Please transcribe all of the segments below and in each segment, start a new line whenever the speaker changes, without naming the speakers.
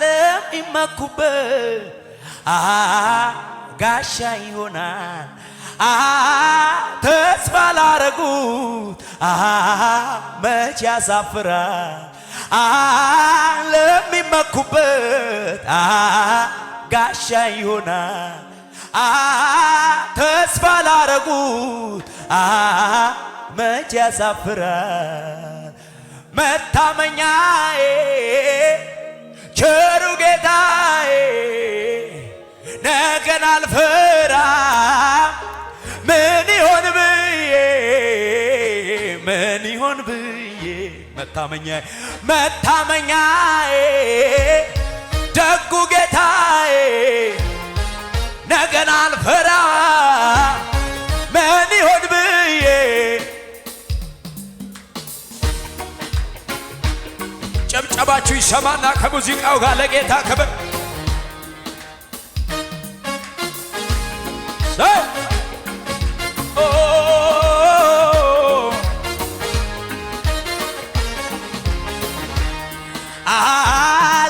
ለሚመኩበት ጋሻ ይሆናል ተስፋ ላረጉት መቼ ያሳፍራል ለሚመኩበት ጋሻ ይሆናል ተስፋ ላረጉት መች ያሳፍራል መታመኛዬ ቸሩ ጌታዬ ነገን አልፈራም። ምን ይሆን ብዬ ምን ይሆን ብዬ መታመኛዬ መታመኛዬ ደጉ ጌታዬ ነገን ጆሯችሁ ይሰማና ከሙዚቃው ጋር ለጌታ ከበ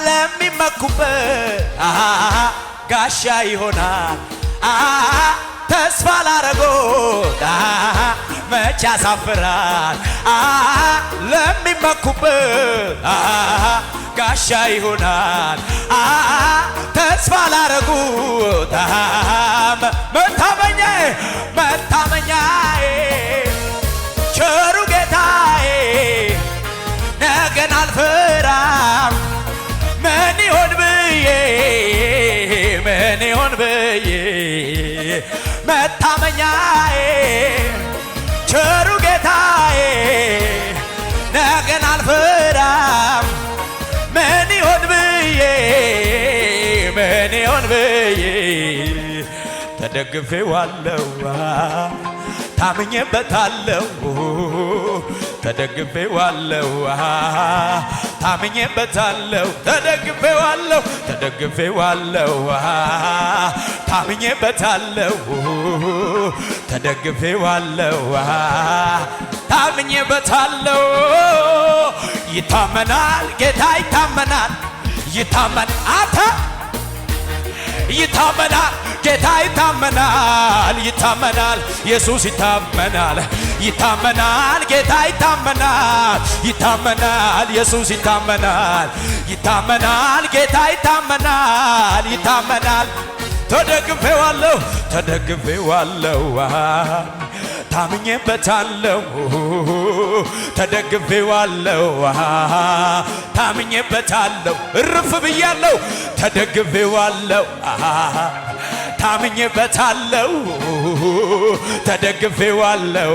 ለሚመኩበት ጋሻ ይሆናል ተስፋ ላረጎ መቻ ሳፍራል ለሚመኩበት ጋሻ ይሆናል። ተስፋ ላረጉት መታመኛ መታመኛ ቸሩ ጌታዬ ነገን አልፈራም። ምን ይሆን ብዬ ምን ይሆን ብዬ መታመኛዬ ቸሩ ጌታዬ ነገን አልፈራም። ምን ይሆን ብዬ ምን ይሆን ብዬ ተደግፌ ዋለው ታምኜበታለው ተደግፌዋለሁ ታምኜበታለሁ ተደግፌዋለሁ ተደግፌዋለሁ ታምኜበታለሁ ተደግፌዋለሁ ታምኜበታለሁ ይታመናል ጌታ ይታመናል ይታመን አተ ይታመናል ጌታ ይታመናል ይታመናል ኢየሱስ ይታመናል ይታመናል፣ ጌታ ይታመናል፣ ይታመናል፣ ኢየሱስ ይታመናል፣ ይታመናል፣ ጌታ ይታመናል፣ ይታመናል። ተደግፌዋለሁ፣ ተደግፌዋለሁ፣ ታምኜበታለሁ፣ ተደግፌዋለሁ፣ ታምኜበታለሁ፣ እርፍ ብያለሁ፣ ተደግፌዋለሁ ታምኜበታለው ተደግፌዋለው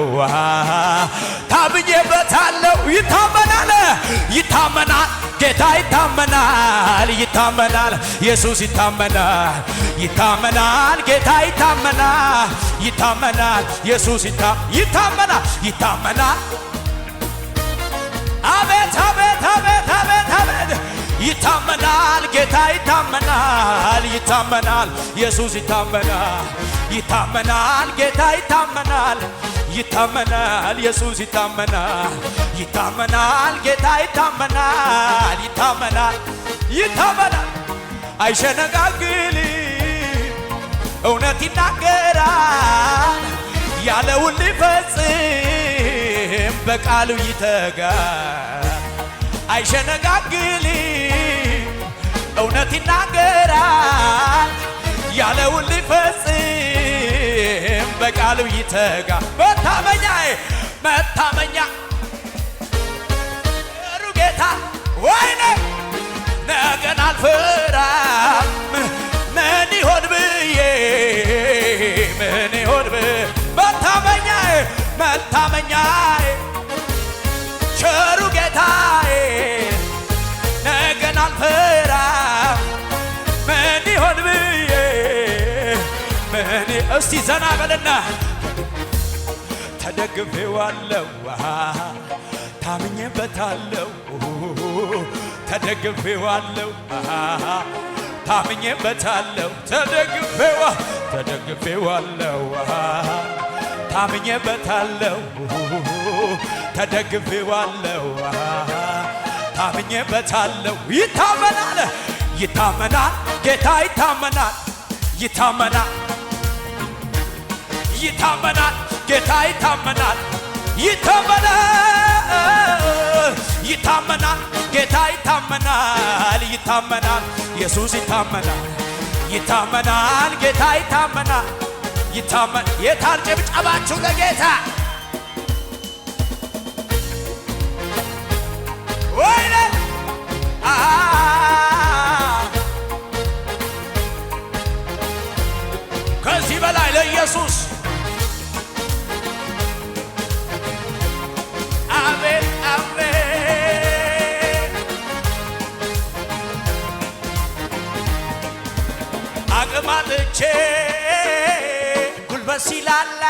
ታምኜበታለው ይታመናል ይታመናል ጌታ ይታመናል ይታመናል ኢየሱስ ይታመናል ይታመናል ጌታ ይታመናል ይታመናል ኢየሱስ ይታመናል ይታመናል አቤት አቤት አቤት ይታመናል፣ ጌታ ይታመናል፣ ይታመናል፣ ኢየሱስ ይታመናል፣ ይታመናል፣ ጌታ ይታመናል፣ ይታመናል፣ ኢየሱስ ይታመናል፣ ይታመናል፣ ጌታ ይታመናል፣ ይታመናል፣ ይታመናል፣ አይሸነጋግል፣ እውነት ይናገራል፣ ያለውን ሊፈጽም በቃሉ ይተጋ አይሸነጋግል ይናገራል ያለውን ሊፈጽም በቃሉ ይተጋ መታመኛ መታመኛ ሩ ጌታ ወይኔ ነገን አልፈራም ምን ይሆን ብዬ ምን ይሆን ብ መታመኛ መታመኛ ቸሩ ጌታ ነገን አልፈራም እስቲ ዘና በልና ተደግፌዋለው ታምኜበታለው ተደግፌዋለው ታምኜበታለው ተደግፌዋ ተደግፌዋለው ታምኜበታለው ተደግፌዋለው ታምኜበታለው ይታመናል ይታመናል ጌታ ይታመናል ይታመናል ይታመናል፣ ጌታ ይታመናል፣ ይታመናል፣ ይታመናል፣ ጌታ ይታመናል፣ ይታመናል፣ ኢየሱስ ይታመናል፣ ይታመናል፣ ጌታ ይታመናል፣ ይታመናል። የታር ጭብጨባችሁ ለጌታ ወይኔ ከዚህ በላይ ለኢየሱስ ሲላላ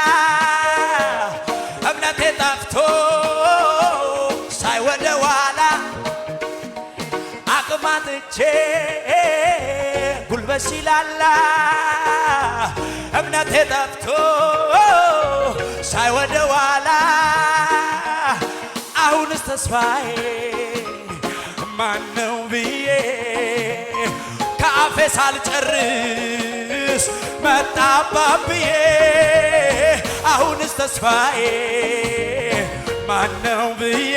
እምነቴ ጠፍቶ ሳይወደ ወደ ኋላ አቅማጥቼ ጉልበት ሲላላ እምነቴ ጠፍቶ ሳይወደ ወደ ኋላ አሁንስ ተስፋዬ ማነው ብዬ ከአፌ ሳልጨርስ መጣ አባብዬ አሁንስ ተስፋዬ ማነው ብዬ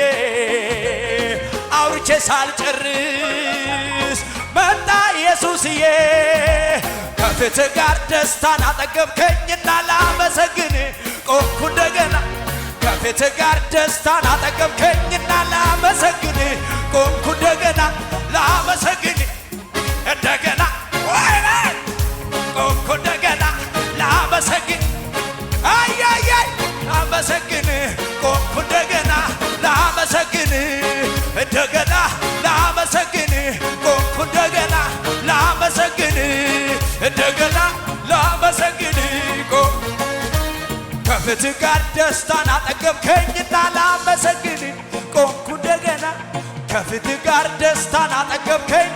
አውርቼ ሳልጨርስ መጣ ኢየሱስዬ ከፊት ጋር ደስታን አጠገብከኝና ላመሰግን ቆምኩ እንደገና ከፊት ጋር ደስታን አጠገብከኝና ላመሰግን ቆምኩ እንደገና ላመሰግን እንደገና እኮ እንደገና ላመሰግን አያያይ ላመሰግን ቆምኩ እንደገና ላመሰግን እንደገና ላመሰግን ቆምኩ እንደገና ላመሰግን እንደገና ላመሰግን ቆምኩ ጋር ደስታን አጠገብከኝና ላመሰግን ቆምኩ እንደገና ከፍትህ ጋር ደስታን አጠገብከኝ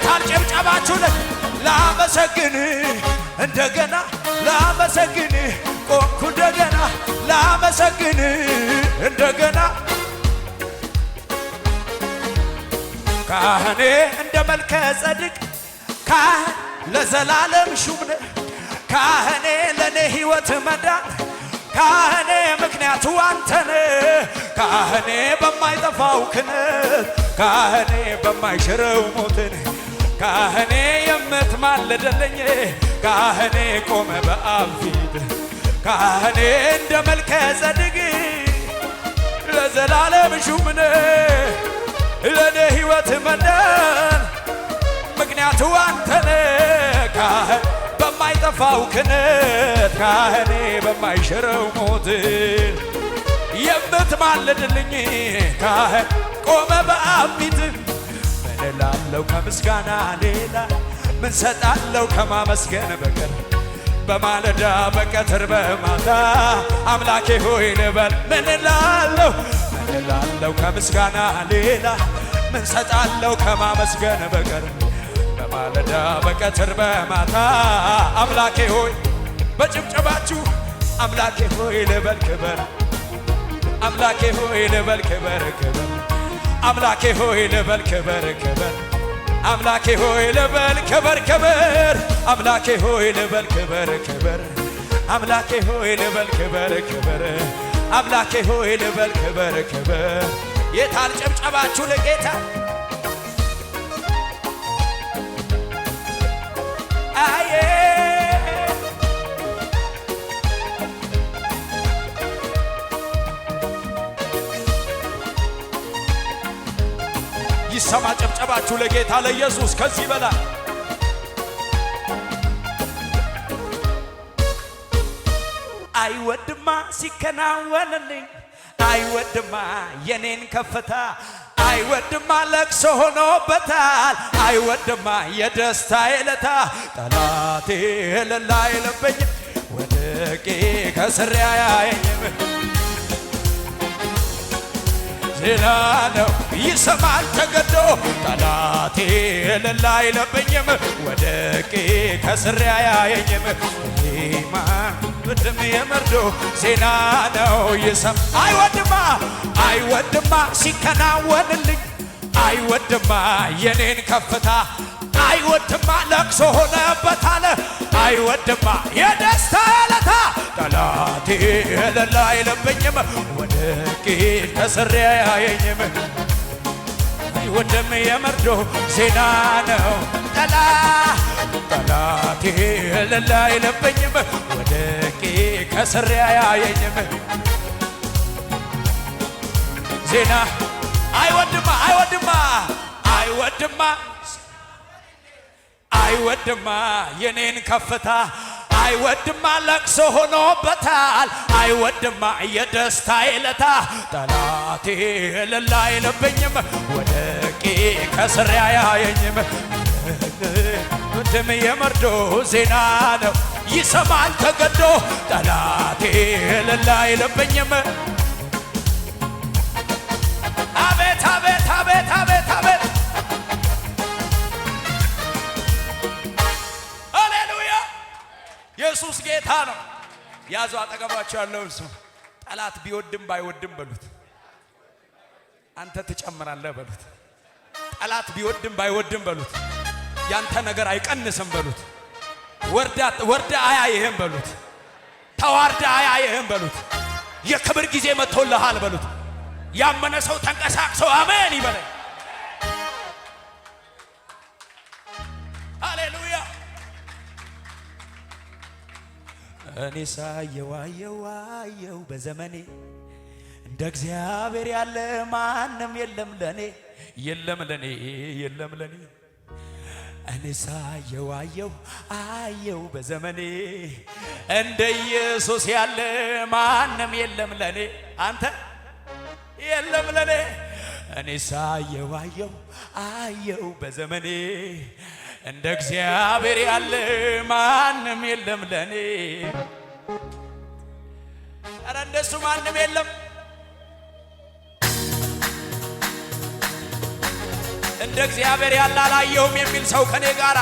ጌታን ጭብጨባችሁ ላመሰግን እንደገና ላመሰግን ቆምኩ እንደገና ላመሰግን እንደገና ካህኔ እንደ መልከ ጸድቅ ካህን ለዘላለም ሹም ካህኔ ለእኔ ሕይወት መዳን ካህኔ ምክንያቱ አንተነ ካህኔ በማይጠፋው ክነት ካህኔ በማይሽረው ሞትን ካህኔ የምትማልደለኝ ካህኔ ቆመ በአብ ፊት ካህኔ እንደ መልከ ጸድቅ ለዘላለም ሹምነ ለእኔ ሕይወት መዳን ምክንያቱ አንተነ ካህን በማይጠፋው ክነት ካህኔ በማይሽረው ሞት የምትማልድልኝ ካህን ቆመ በአብ ፊት ምን እላለሁ ከምስጋና ሌላ ምን ሰጣለሁ ከማመስገን በቀር በማለዳ በቀትር በማታ አምላኬ ሆይ ልበል ምን እላለሁ ምን እላለሁ ከምስጋና ሌላ ምን ሰጣለሁ ከማመስገን በቀር በማለዳ በቀትር በማታ አምላኬ ሆይ በጭብጨባችሁ አምላኬ ሆይ ልበል ክበር አምላኬ ሆይ ልበል ክበር ክበር አምላኬ ሆይ ልበል ክበር ክበር አምላኬ ሆይ ልበል ክበር ክበር አምላኬ ሆይ ልበል ክበር ክበር አምላኬ ሆይ ልበል ክበር ክበር አምላኬ ሆይ ልበል ክበር ክበር የታል ጨብጨባችሁ ለጌታ አየ ሲሰማ ጨብጨባችሁ ለጌታ ለኢየሱስ ከዚህ በላይ አይወድማ ሲከናወንልኝ አይወድማ የኔን ከፍታ አይወድማ ለቅሶ ሆኖበታል አይወድማ የደስታ የለታ ጠላቴ እልል አይልብኝም ወድቄ ከስር አያየኝም ድል አለው ይሰማል ተገዶ ጠላቴ እልል አይለብኝም ወደቄ ከስሬ አያየኝም ብድም የመርዶ ዜና ነው አይወድማ አይወድማ ሲከናወንልኝ አይወድማ የኔን ከፍታ አይወድማ ለቅሶ ሆነበታለ አይወድማ የደስ የለላ አይለበኝም ወድቄ ተስሬ አያየኝም። ወንድም የመርዶ ዜና ነው ጠላ ጠላቴ የለላ አይለበኝም ወድቄ ከስሬ አያየኝም። ዜና አይወድማ አይወድማ አይወድማ አይወድማ የኔን ከፍታ አይወድማ ለቅሶ ሆኖበታል። አይወድማ የደስታ ይለታ ጠላቴ እልል አይለብኝም። ወደቄ ከስሬ አያየኝም። ምድም የመርዶ ዜና ነው ይሰማል ተገዶ ጠላቴ እልል አይለብኝም። አቤት አቤት አቤት ኢየሱስ ጌታ ነው። ያዙ አጠገባቸው ያለውን ሰው ጠላት ቢወድም ባይወድም በሉት፣ አንተ ትጨምራለህ በሉት። ጠላት ቢወድም ባይወድም በሉት፣ ያንተ ነገር አይቀንስም በሉት። ወርዳ አያይህም በሉት። ተዋርዳ አያይህም በሉት። የክብር ጊዜ መጥቶልሃል በሉት። ያመነ ሰው ተንቀሳቅሰው አሜን ይበለ። ሃሌሉያ እኔ ሳየው አየው አየው በዘመኔ እንደ እግዚአብሔር ያለ ማንም የለም ለኔ የለም ለኔ የለም ለኔ እኔ ሳየው አየው አየው በዘመኔ እንደ ኢየሱስ ያለ ማንም የለም ለኔ አንተ የለም ለኔ እኔ ሳየው አየው አየው በዘመኔ እንደ እግዚአብሔር ያለ ማንም የለም ለኔ። ኧረ እንደሱ ማንም የለም። እንደ እግዚአብሔር ያለ አላየሁም የሚል ሰው ከኔ ጋር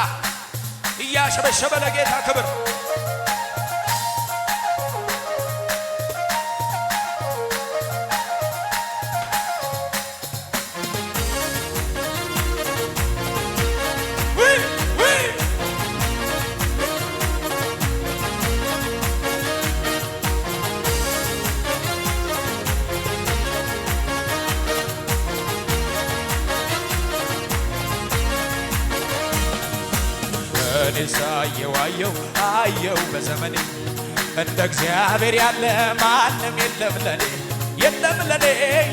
እያሸበሸበ ለጌታ ክብር አየው አየው በዘመኔ እንደ እግዚአብሔር ያለ ማንም የለም ለኔ የለም ለኔ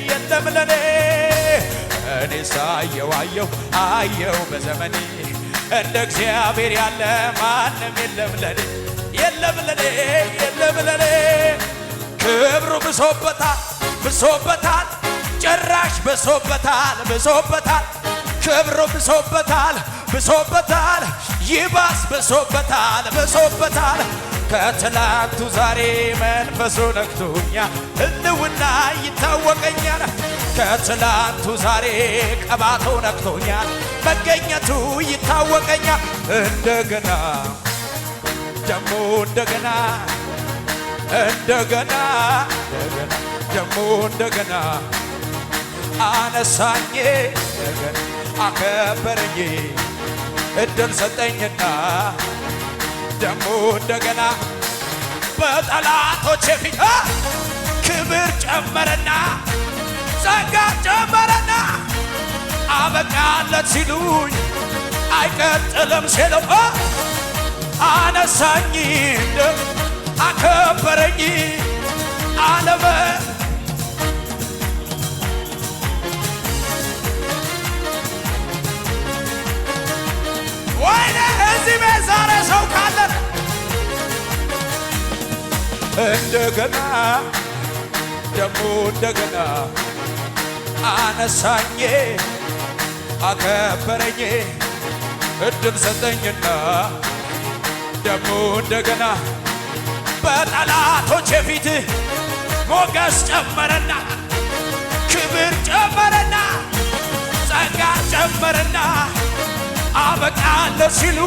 የለም ለኔ እኔ ሳየው አየው አየው በዘመኔ እንደ እግዚአብሔር ያለ ማንም የለም ለኔ የለም ለኔ የለም ለኔ ክብሩ ብሶበታል ብሶበታል ጭራሽ ብሶበታል ብሶበታል ክብሩ ብሶበታል ብሶበታል ይባስ በሶበታል በሶበታል። ከትላንቱ ዛሬ መንፈሱ ነክቶኛ ህልውና ይታወቀኛል ከትላንቱ ዛሬ ቀባቶ ነክቶኛል መገኘቱ ይታወቀኛል እንደገና ደሞ እንደገና እንደገና ደሞ እንደገና አነሳኝ አከበረኝ እድል ሰጠኝና ደሞ እንደገና በጠላቶች ፊት ክብር ጨመረና ጸጋ ጨመረና አበቃለት ሲሉኝ አይቀጥልም ሲለው አነሳኝ እንደገና ደሞ እንደገና አነሳኝ አከበረኝ እድል ሰጠኝና ደሞ እንደገና በጠላቶች የፊት ሞገስ ጨመረና ክብር ጨመረና ጸጋ ጨመረና አበቃለሁ ሲሉ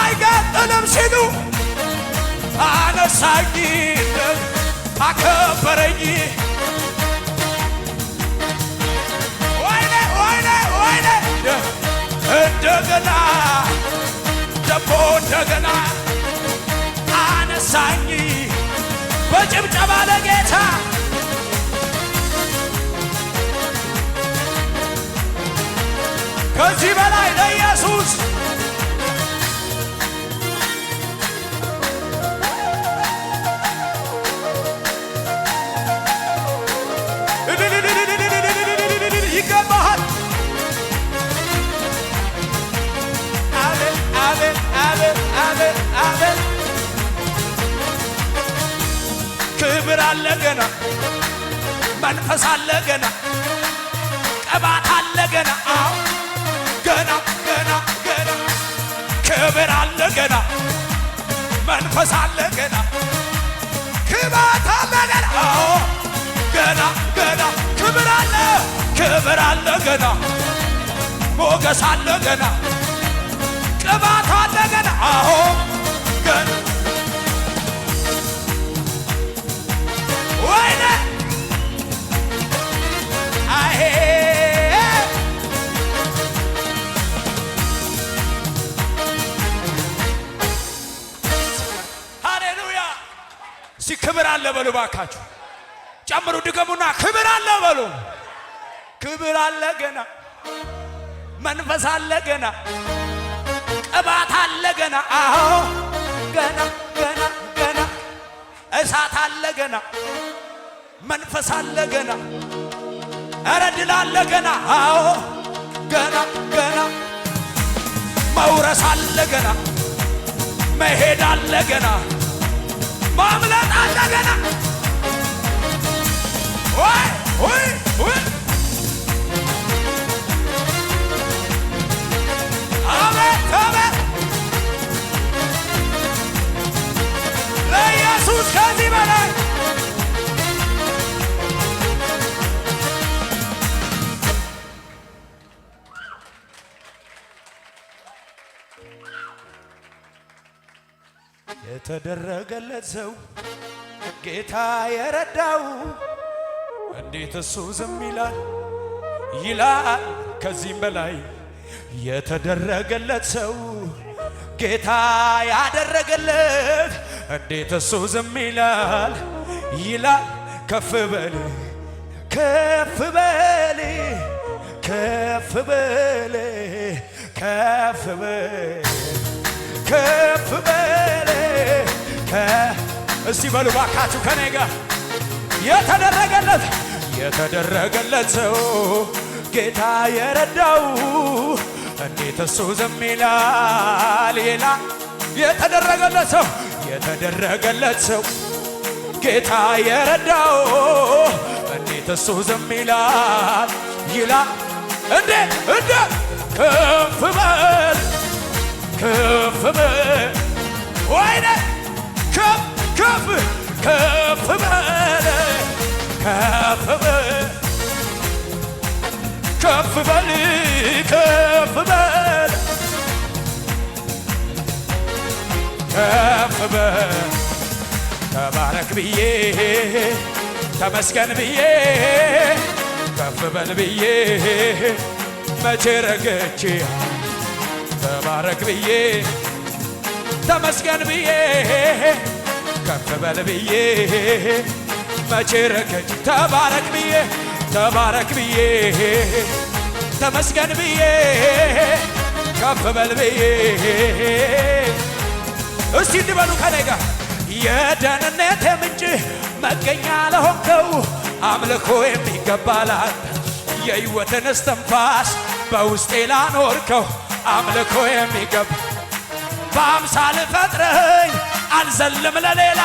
አይቀጥልም ሲሉ አነሳኝ፣ አከበረኝ። ወይኔ ወይኔ ወይኔ እንደገና ደግሞ እንደገና አነሳኝ በጭብጨባ ለጌታ ከዚህ በላይ ለኢየሱስ ክብር አለ ገና፣ መንፈስ አለ ገና፣ ቅባት አለ ገና፣ አዎ ገና ገና ገና ክብር አለ ገና፣ መንፈስ አለ ገና፣ ቅባት አለ ገና፣ አዎ ገና ገና ክብር አለ ክብር አለ ገና፣ ሞገስ አለ ገና፣ ቅባት አለ ገና፣ አዎ ገና ሃሌሉያ! እዚህ ክብር አለ በሉ ባካችሁ፣ ጨምሩ፣ ድገሙና ክብር አለ በሉ። ክብር አለ ገና፣ መንፈስ አለ ገና፣ ቅባት አለ ገና። አዎ ገና ገና ገና እሳት አለ ገና መንፈስ አለ ገና ኧረ ድል አለ ገና። አዎ ገና ገና መውረስ አለ ገና፣ መሄድ አለ ገና፣ ማምለጥ አለ ገና። ወይ ወይ ወይ ለኢየሱስ ከዚህ በላይ የተደረገለት ሰው ጌታ የረዳው እንዴት እሱ ዝም ይላል ይላል ከዚህም በላይ የተደረገለት ሰው ጌታ ያደረገለት እንዴት እሱ ዝም ይላል ይላል ከፍ በል ከፍ በል ከፍ በል ከፍ በል ከፍ በል እስቲ በሉ ባካችሁ ከኔ ጋር የተደረገለት የተደረገለት ሰው ጌታ የረዳው እንዴት እሱ ዝም ይላል? ሌላ የተደረገለት ሰው የተደረገለት ሰው ጌታ የረዳው እንዴት እሱ ዝም ይላል? ይላ እንዴ እንደ ከፍ በል köfeme Oyna köp köp köfeme Köfeme Köfemeli köfemel Köfeme Tebarek ብዬ ተመስገን ብዬ ከፍ በል ብዬ መቼ ረገቼ ተባረክ ብዬ ተመስገን ብዬ ከፍ በል ብዬ መቼ ረከች ተባረክ ብዬ ተባረክ ብዬ ተመስገን ብዬ ከፍ በል ብዬ እስቲ እንዲበሉ ከላይ ጋር የደህንነቴ ምንጭ መገኛ ለሆንከው አምልኮ የሚገባ ላንተ የሕይወትን እስትንፋስ በውስጤ ላኖርከው አምልኮ የሚገባ በአምሳል ፈጥረኝ አልዘልም ለሌላ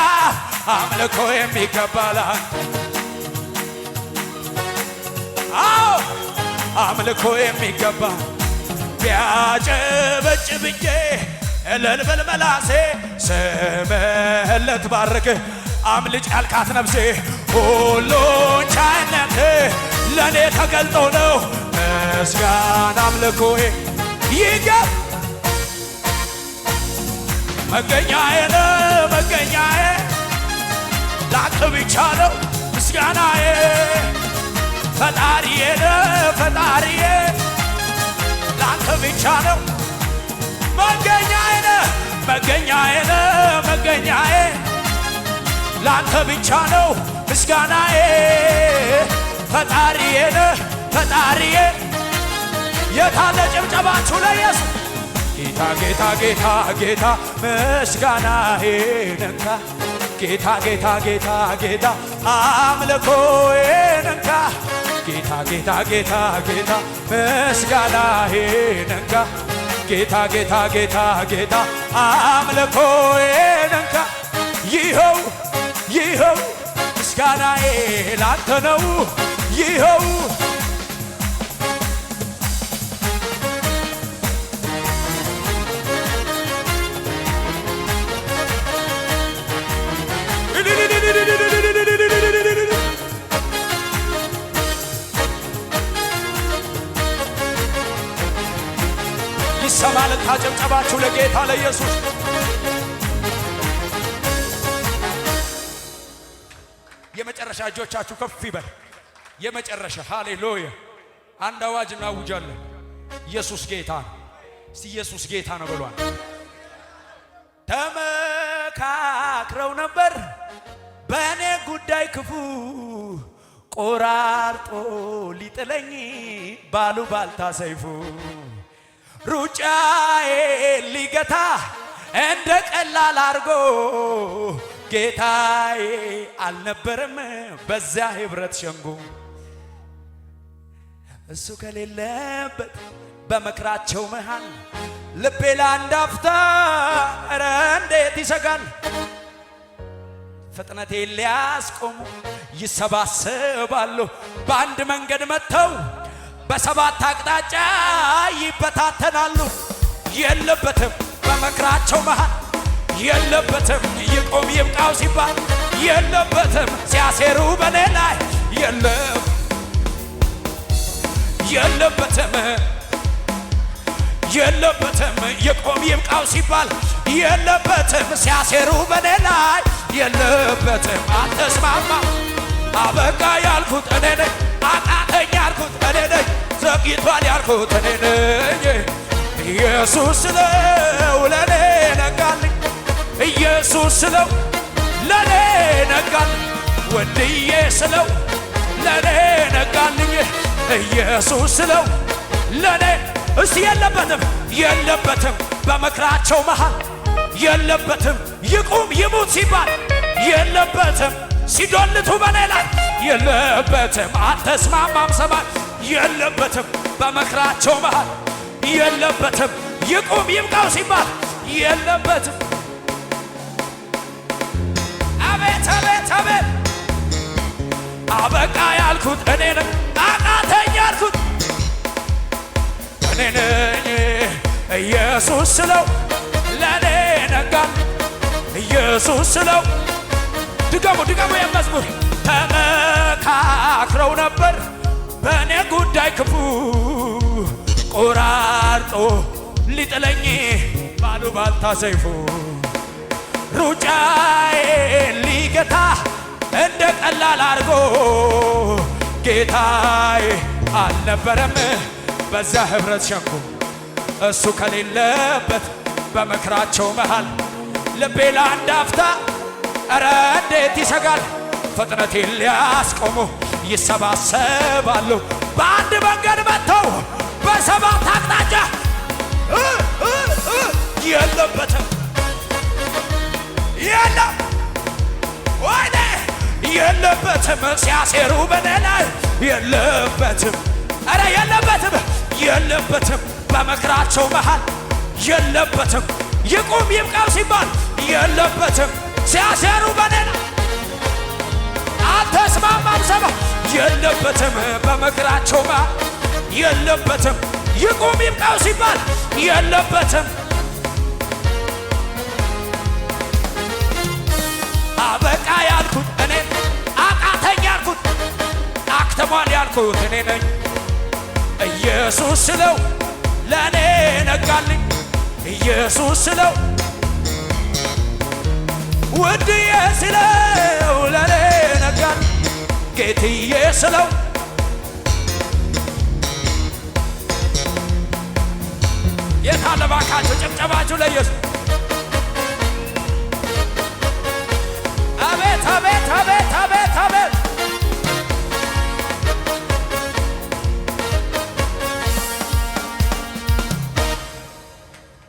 አምልኮ የሚገባ ለአንተ አዎ አምልኮ የሚገባ ቢያጨበጭብዬ እልል ብል መላሴ ስምህን ልትባርክ አምልጭ ያልካት ነፍሴ ሁሉን ቻይነት ለእኔ ተገልጦ ነው ምስጋና አምልኮዬ ይገብ መገኛዬ ነው መገኛዬ ላቅ ብቻ ነው ምስጋናዬ ፈጣሪዬ ነው ፈጣሪዬ ላቅ ብቻ ነው መገኛዬ ነው መገኛዬ ነው መገኛዬ ላንተ ብቻ ነው ምስጋናዬ ፈጣሪዬ ነህ ፈጣሪዬ የታለ ጭብጨባችሁ ለኢየሱስ ጌታ ጌታ ጌታ ጌታ ምስጋና ሄነንካ ጌታ ጌታ ጌታ ጌታ አምልኮ ሄነንካ ጌታ ጌታ ጌታ ጌታ ምስጋና ሄነንካ ጌታ ጌታ ጌታ ጌታ አምልኮ ሄነንካ ይኸው ይኸው ምስጋናዬ ላንተ ነው ይኸው ታጨብጨባችሁ ለጌታ ለኢየሱስ የመጨረሻ እጆቻችሁ ከፍ ይበል። የመጨረሻ ሃሌሉያ። አንድ አዋጅ እናውጃለን። ኢየሱስ ጌታ ነው። ኢየሱስ ጌታ ነው ብሏል። ተመካክረው ነበር በእኔ ጉዳይ ክፉ ቆራርጦ ሊጥለኝ ባልታ ሰይፉ ሩጫዬ ሊገታ እንደ ቀላል አርጎ ጌታዬ አልነበረም በዚያ ህብረት ሸንጎ እሱ ከሌለበት በመክራቸው መሃል ልቤ ላንዳፍታ ኧረ እንዴት ይሰጋል ፍጥነቴ ሊያስቆሙ ይሰባሰባሉ በአንድ መንገድ መጥተው በሰባት አቅጣጫ ይበታተናሉ። የለበትም በመክራቸው መሃል የለበትም ይቁም ይብቃው ሲባል የለበትም ሲያሴሩ በኔ ላይ የለም የለበትም የለበትም ይቁም ይብቃው ሲባል የለበትም ሲያሴሩ በኔ ላይ የለበትም አልተስማማ አበቃ ያልኩት እኔ ነኝ። አቃተኝ ያልኩት እኔ ነኝ። ዘግይቷል ያልኩት እኔ ነኝ። ኢየሱስ ስለው ለኔ ነጋልኝ። ኢየሱስ ስለው ለኔ ነጋልኝ። ወንድዬ ስለው ለኔ ነጋልኝ። ኢየሱስ ስለው ለኔ እስ የለበትም የለበትም በመክራቸው መሃል የለበትም ይቁም ይሙት ሲባል የለበትም ሲዶልቱ በኔ ላይ የለበትም አልተስማማም ሰባት የለበትም በመክራቸው መሃል የለበትም ይቁም ይብቃው ሲባል የለበትም አቤት አቤት አቤት አበቃ ያልኩት እኔ ነኝ አቃተኝ ያልኩት እኔ ነኝ ኢየሱስ ስለው ለእኔ ነጋል ኢየሱስ ስለው ድገሙ ድገሙ። የመዝሙር ተመካክረው ነበር በእኔ ጉዳይ ክፉ ቆራርጦ ሊጥለኝ ባልታ ሰይፉ ሩጫዬ ሊገታ እንደ ቀላል አድርጎ ጌታዬ አልነበረም በዛ ኅብረት ሸንኩ እሱ ከሌለበት በመከራቸው መሃል ልቤ ለአንድ አፍታ እረ እንዴት ይሰጋል ፍጥረቴን ሊያስቆሙ ይሰባሰባሉ። በአንድ መንገድ መጥተው በሰባት አቅጣጫ የለበትም የለም ወይኔ የለበትም ሲያሴሩ በኔ ላይ የለበትም እረ የለበትም የለበትም በመክራቸው መሃል የለበትም ይቁም ይብቃው ሲባል የለበትም ሲያሴሩ በደል አልተስማማም። ሰባ የለበትም በመክራቸው ማ የለበትም ይቁም ይብቃው ሲባል የለበትም አበቃ ያልኩት እኔ አቃተኝ ያልኩት አክተሟል ያልኩት እኔ ነኝ። ኢየሱስ ስለው ለእኔ ነጋልኝ ኢየሱስ ስለው ውድዬ ስለው ለኔ ነጋን ጌትዬ ስለው የታለባካቸው ጭብጨባችሁ ለኢየሱስ አቤት አቤት አቤት አቤት